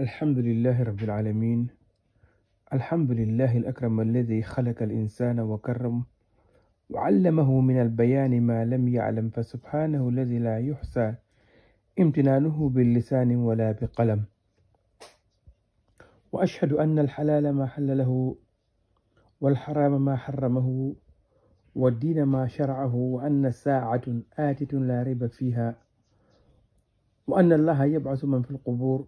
الحمد لله رب العالمين الحمد لله الأكرم الذي خلق الإنسان وكرم وعلمه من البيان ما لم يعلم فسبحانه الذي لا يحصى امتنانه باللسان ولا بقلم وأشهد أن الحلال ما حلله والحرام ما حرمه والدين ما شرعه وأن الساعة آتة لا ريب فيها وأن الله يبعث من في القبور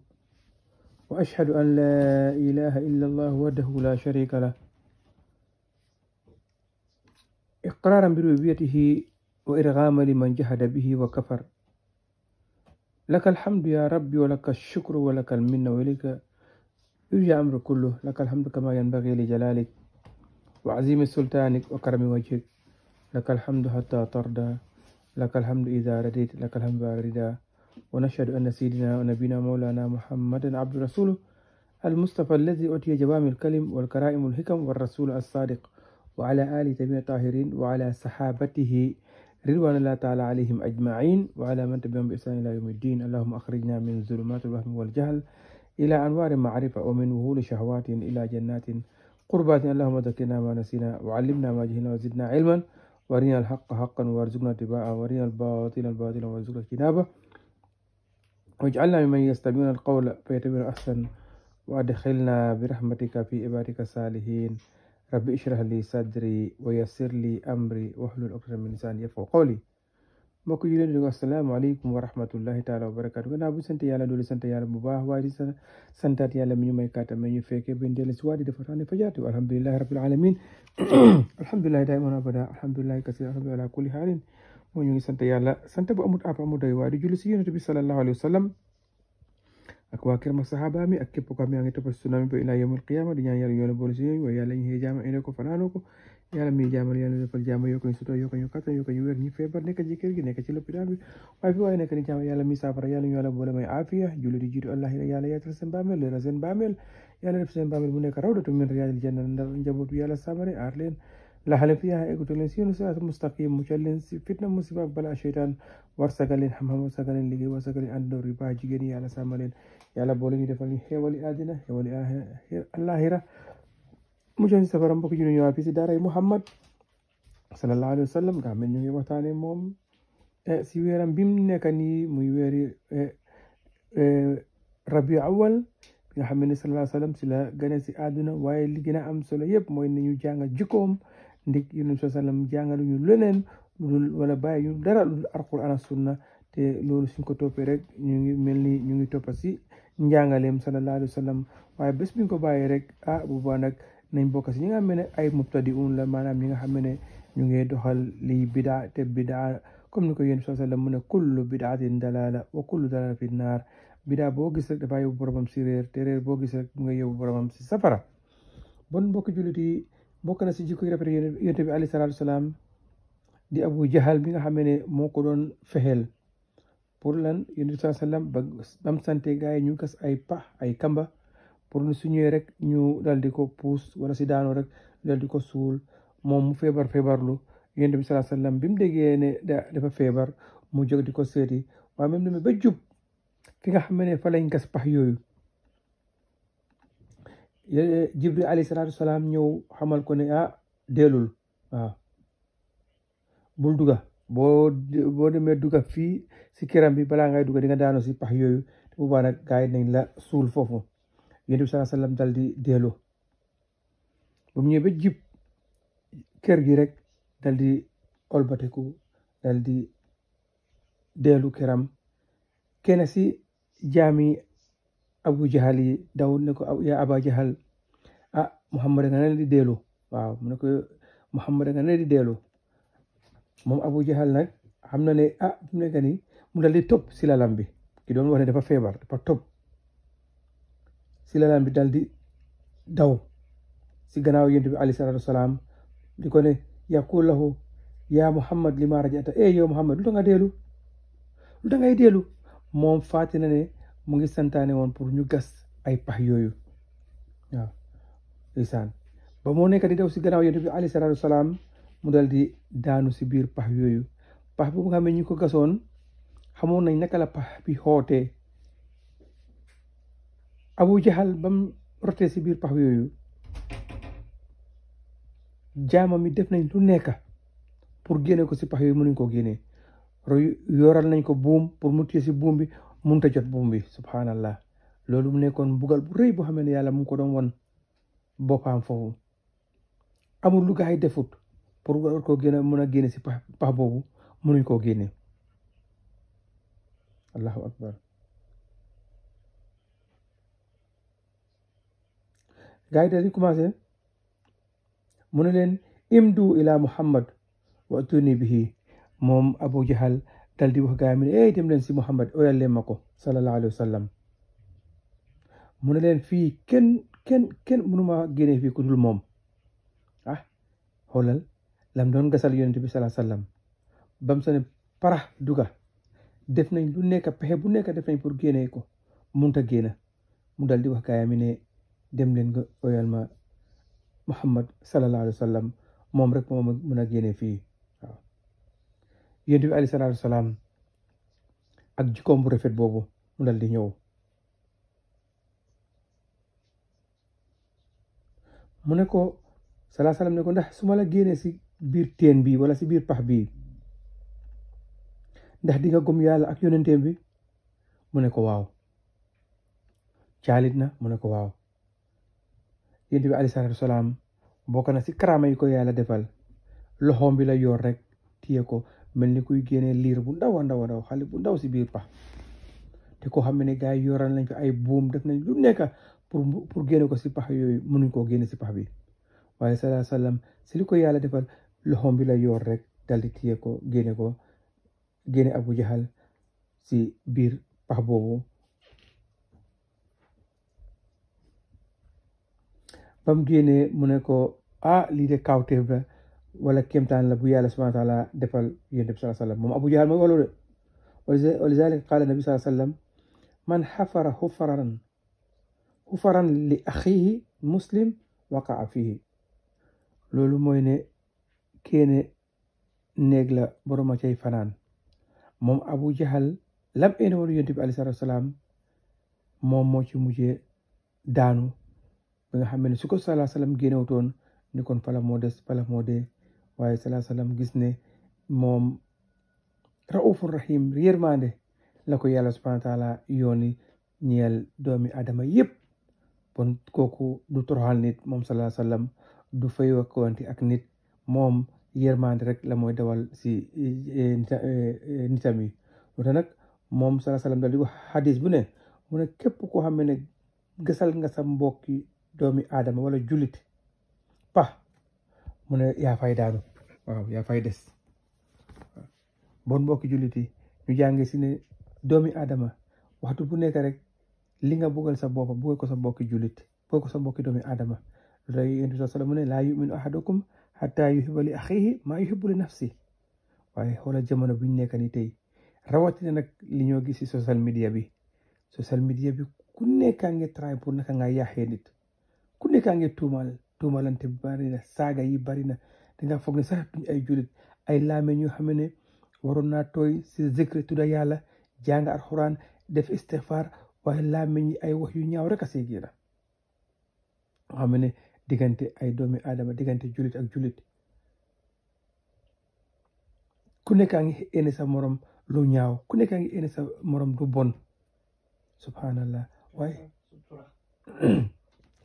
وأشهد أن لا إله إلا الله وحده لا شريك له إقرارا بربوبيته وإرغاما لمن جحد به وكفر لك الحمد يا ربي ولك الشكر ولك المنة وإليك يرجى أمر كله لك الحمد كما ينبغي لجلالك وعظيم سلطانك وكرم وجهك لك الحمد حتى ترضى لك الحمد إذا رديت لك الحمد بعد ونشهد أن سيدنا ونبينا مولانا محمدا عبد رسوله المصطفى الذي أتي جوامع الكلم والكرائم الحكم والرسول الصادق وعلى آل تبين الطاهرين وعلى صحابته رضوان الله تعالى عليهم أجمعين وعلى من تبعهم بإحسان إلى يوم الدين اللهم أخرجنا من ظلمات الوهم والجهل إلى أنوار معرفة ومن وهول شهوات إلى جنات قربات اللهم ذكرنا ما نسينا وعلمنا ما جهلنا وزدنا علما وارنا الحق حقا وارزقنا اتباعه وارنا الباطل الباطل وارزقنا اجتنابه واجعلنا ممن يستمعون القول فيتبعون أحسن وأدخلنا برحمتك في عبادك الصالحين رب اشرح لي صدري ويسر لي أمري واحلل عقدة من لساني يفقهوا قولي mbokk yi leen di asalaamaaleykum wa rahmatullahi taala wa barakaatu gannaaw bu sant yàlla doole sant yàlla bu baax waaye di santaat yàlla mi ñu may kàttan mi ñu fekkee bañ dellu si waa di dafa taane fajaatu alhamdulilahi rabbil alamin alhamdulilahi daiman abada alhamdulilahi kasir alhamdulilahi ala kulli haalin mo ñu ngi sante yalla sante bu amut apa mu doy wa di julli ci yunus bi sallallahu alaihi wasallam ak wa kirma sahaba mi ak kep ko mi ngi tepp sunna mi ba ilaa yawmal di ñaan yalla ñu la boole si ñooñu yalla ñi ñu xëy jaama ine ko fanaanoo ko yalla mi jaamal yàlla defal jaama yokk ñu sutura yokk ñu kattan yokk ñu wer ñi febar nek ci kër gi nek ci lopitaan bi wa fi way nek ni jaama yalla mi saafara yàlla ñoo la boole may afiya julli di jitu allah yalla yaatal sen bamel le seen bamel yalla def sen bamel mu nek rawdatu min riyaadil janna ndax njabootu yalla sabare aar لا لحل فيها يقول إكتوليسيون ساعة مستقيم مجلن فتنة مصيبة بلا شيطان ورسقلين حمام ورسقلين لغي ورسقلين أندو ربا جيغني يالا ساملين يالا بولين هي ولي آدنا هي ولي آه- الله اللاهرة مجلن سفرم بك جنو يوافي سداري محمد صلى الله عليه وسلم قام من يوم يواتاني موم إيه، سيويران بيمنا كاني ميويري إيه، إيه، ربيع أول nga xam ne sallallahu alayhi wa sallam si la gane si àdduna waaye li gën a am solo yëpp ndik yonent bi sallam jàngaluñu leneen lu dul wala bàyyi ñu dara lu dul alquran ak sunna te loolu suñ ko toppee rek ñu ngi mel ni ñu ngi toppa si njàngaleem sallallahu alayhi wa waaye bés biñ ko bàyyee rek ah boobaa nag nañ bokk si ñi nga xam ne ay mubtadi un maanaam ñi nga xam ne ñu ngee doxal lii bidaa te bidaa comme ni ko yéen sallallahu alayhi wa sallam mu ne kullu bidaatin dalaala wa kullu dalaala fi naar bidaa boo gis rek dafaa si réer te réer boo gis rek mu ngi yóbbu boromam si safara bon mbokk jullit bokk na si jikko yi rafet yonent bi alayhi salaatu salaam di abu jahal bi nga xam ne moo ko doon fexeel pour lan yonent bi salaam ba bam sante gars yi ñu gas ay pax ay kamba pour su ñëwee rek ñu dal di ko puus wala si daanoo rek di ko suul moom mu feebar feebar lu feebarlu yonent bi salaam bi mu déggee ne dafa feebar mu jóg di ko seeti waaye même ne ba jub fi nga xam ne fa lañ gas pax yooyu jibril alayhi salaam ñëw xamal ko ne ah deelul waaw bul duga boo boo demee fii si kiram bi balaa ngay duga di nga daanu si pax yooyu te boobaa nag gaa yi nañ la suul foofu yonent bi salaa sallam deelu ba mu ñëwee jib kër gi rek dal olbatiku olbateku dal di deelu kiram kenn si jaami abu jahal yi daawud ne ko yaa aba ah, muhammad nga ne di deelu waaw mu ne ko muhammad di deelu moom abu jahal nag xam na ne ah mu nekk ni mu si lalam bi ki doon wax ne dafa feebar dafa topp si lalam bi dal di daw si gannaaw yonent bi alayhi salaatu di ko ne yaqul lahu yaa muhammad li ma rajata e yow muhammad lu da deelu lu da ngay deelu moom fàtte na mu ngi santane won pour ñu gas ay pax yoyu wa ndeysaan ba mo nekk di daw ci gannaaw yonent bi alayhi salaatu mu dal di daanu ci biir pax yoyu pax bu nga ñu ko gasoon xamoon nañ naka la pax bi xote abu jahal bam roté sibir biir pax yoyu jaama mi def nañ lu nekk pour génne ko si pax yoyu mënuñ ko génnee yoral nañ ko buum pour mu si buum bi mënut a jot buum bi subhanallah loolu mu nekkoon bugal bu rëy boo xam ne yàlla mu ko doon won boppam foofu amul lu gaa yi defut pour war koo génne mën a génne si pax pax boobu mënuñ koo génne allahu akbar gaa yi dañu commencé mu ne leen imdu ila muhammad wa bi bihi moom abu jahal dal di wax gaa yi mu ne eh, dem leen si Muhammad oyal leen ma ko sallallahu alayhi wa sallam mu ne leen fii kenn kenn kenn mënuma génne fii ku dul moom ah xoolal lam doon gasal yonent bi sallallahu alayhi bam sa ne para duga def nañ lu nekk pexe bu nekk def nañ pour génne ko munta génna mu dal di wax gaa yi mu ne dem leen nga oyal ma Muhammad sallallahu alayhi sallam moom rek moom mun a génne fii yonent bi alayhi salaatu ak jikkoom bu rafet boobu mu dal di ñëw mu ne ko salaa salaam ne ko ndax su ma la génnee si biir teen bi wala si biir pax bii ndax dinga nga gëm yàlla ak yonenteem bi mu ne ko waaw caalit na mu ne ko waaw yonent bi alayhi salaam wasalaam bokk na si karaama yi ko yàlla defal loxoom bi la yoor rek téye ko melni kuy gene lire bu ndaw ndaw ndaw xali bu ndaw ci biir pa te ko xamene gaay yoran lañ ko ay boom def nañ lu nekk pour pour gene ko ci pa yoy mënuñ ko gene ci pa bi waaye salaa salaam si ci liko yalla defal loxoom bi la yor rek dal di tiye ko gene ko gene abou Jahal ci biir pa bobu bam gene mu ne ko ah li de kawteef la wala kéemtaan la bu yàlla subhanahu wa taala defal bi sallallahu alayhi wa sallam moom Abu Jahl mooy wolu de wa lizalika qaala nabi sallallahu man xafara xufaran li axiihi muslim waqaa fiihi loolu mooy ne keene néeg la boroma cay fanaan moom Abu Jahl lam eene woon yonent salaam moom moo ci mujjee daanu bi nga xam ne su ko sallallahu alayhi wa ni kon fala moo des fala moo waaye salaa salaam gis ne moom raufur yàlla subhana wa taala yooni ñeel doomi adama yëpp bon kooku du toroxal nit moom salaa salaam du fay ak nit moom yërmande rek la mooy dawal si eh, eh, eh, nitam yi wota nag moom salaa salaam dal di bu ne mu ne képp koo xam ne gasal nga sa mbokki doomi adama wala jullit pa mu ne yaa fay daanu waaw yaa fay bon mbokki jullit yi ñu jànge si ne doomi aadama waxtu bu nekk rek li nga bëggal sa bopp bëggal sa mbokki jullit bëggal ko sa mbokki doomi adama lu tax yonent bi sallam mu ne laa yuminu ahadukum xataa yuhiba li axihi maa yuhibu li nafsi waaye xoolal jamono bu nekk ni tey rawatina nag li gis si social media bi social media bi ku nekkaa ngi try pour naka nga yaaxee nit ku tuumalante bari na saaga yi bari na danga foog ne sax duñ ay jullit ay laameñ yoo xam waroon naa tooy si zikri tudda yàlla jàng alxuraan def istixfaar waaye laameñ yi ay wax yu ñaaw rek a siy génn xam ne diggante ay doomi aadama diggante jullit ak jullit ku nekk a ngi ene sa morom lu ñaaw ku nekk a ngi ene sa morom du bon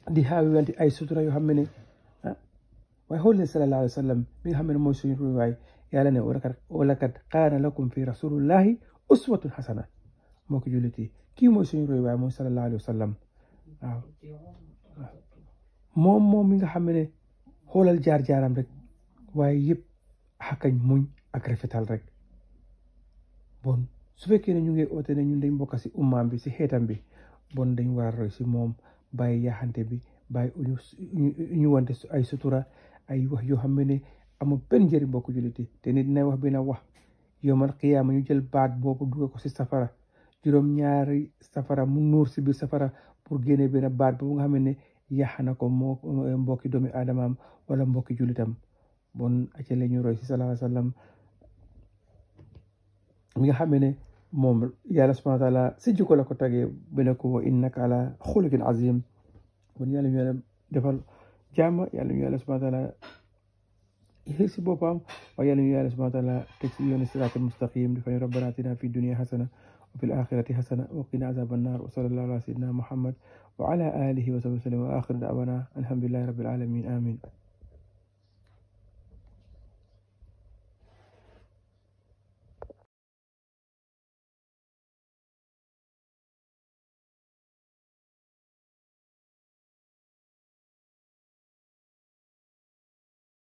di xaawiwante ay sutura yoo xam ne ah waaye xool leen sallallahu alayhi wa sallam mi nga xam ne mooy suñu royuwaay yàlla ne walakad kaana lakum fi rasulillahi uswatun xasana moo suñu mooy sallallahu alayhi wa moom moom mi nga xam ne xoolal jaar-jaaram rek waaye yëpp xakañ muñ ak rafetal rek bon su fekkee ñu ngi oote ne ñun dañ si ummaam bi si xeetam bi bon dañ war si moom bàyyi yaxante bi bàyyi ñu wante ay sutura ay wax yoo xam ne amul benn njëriñ mbokku julliti te nit dina wax benn wax yowmal qiyaama ñu jël baat boobu dugal ko si safara juróom ñaari safara mu nuur si biir safara pour génne benn baat boobu nga xam ne yàq na ko moo mbokki doomi aadamaam wala mbokki jullitam bon acca la ñu roy si salaa sallam nga xam ne موم يالا سبحانه وتعالى سيجي كولا كوتا بينكو انك على خلق عظيم بن يالا يالا دفال جامع يالا يالا سبحانه وتعالى يهرسي بوبام ويالا يالا سبحانه وتعالى تكسي يوني صراط المستقيم دفعي ربنا اتنا في الدنيا حسنة وفي الآخرة حسنة وقنا عذاب النار وصلى الله على سيدنا محمد وعلى آله وصحبه وسلم وآخر دعوانا الحمد لله رب العالمين آمين